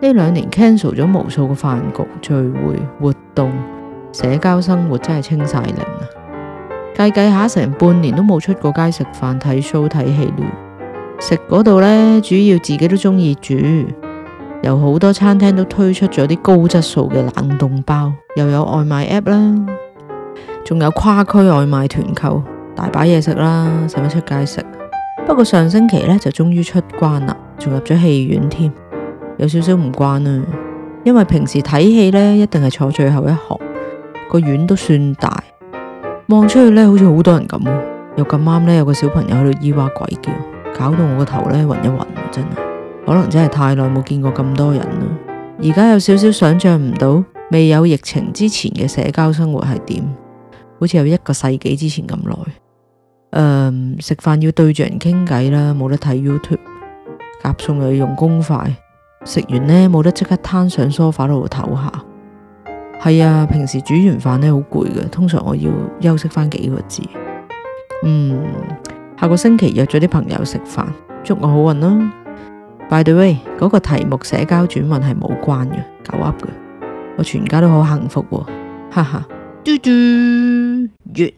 呢兩年 cancel 咗無數嘅飯局、聚會、活動，社交生活真，真係清曬零啊！計計下，成半年都冇出過街食飯、睇 show、睇戲了。食嗰度呢，主要自己都中意煮，有好多餐廳都推出咗啲高質素嘅冷凍包，又有外賣 app 啦，仲有跨區外賣團購，大把嘢食啦，使乜出街食？不過上星期呢，就終於出關啦，仲入咗戲院添。有少少唔慣啦，因為平時睇戲呢，一定係坐最後一行，個院都算大，望出去呢，好似好多人咁，又咁啱呢，有個小朋友喺度咿哇鬼叫，搞到我個頭呢，暈一暈，真係可能真係太耐冇見過咁多人啦。而家有少少想象唔到未有疫情之前嘅社交生活係點，好似有一個世紀之前咁耐。嗯，食飯要對着人傾偈啦，冇得睇 YouTube，夾餸又要用公筷。食完呢，冇得即刻攤上 sofa 度唞下，係啊！平時煮完飯咧好攰嘅，通常我要休息返幾個字。嗯，下個星期約咗啲朋友食飯，祝我好運啦！By the way，嗰個題目社交轉運係冇關嘅，狗噏嘅。我全家都好幸福啊，哈哈！嘟嘟嘟。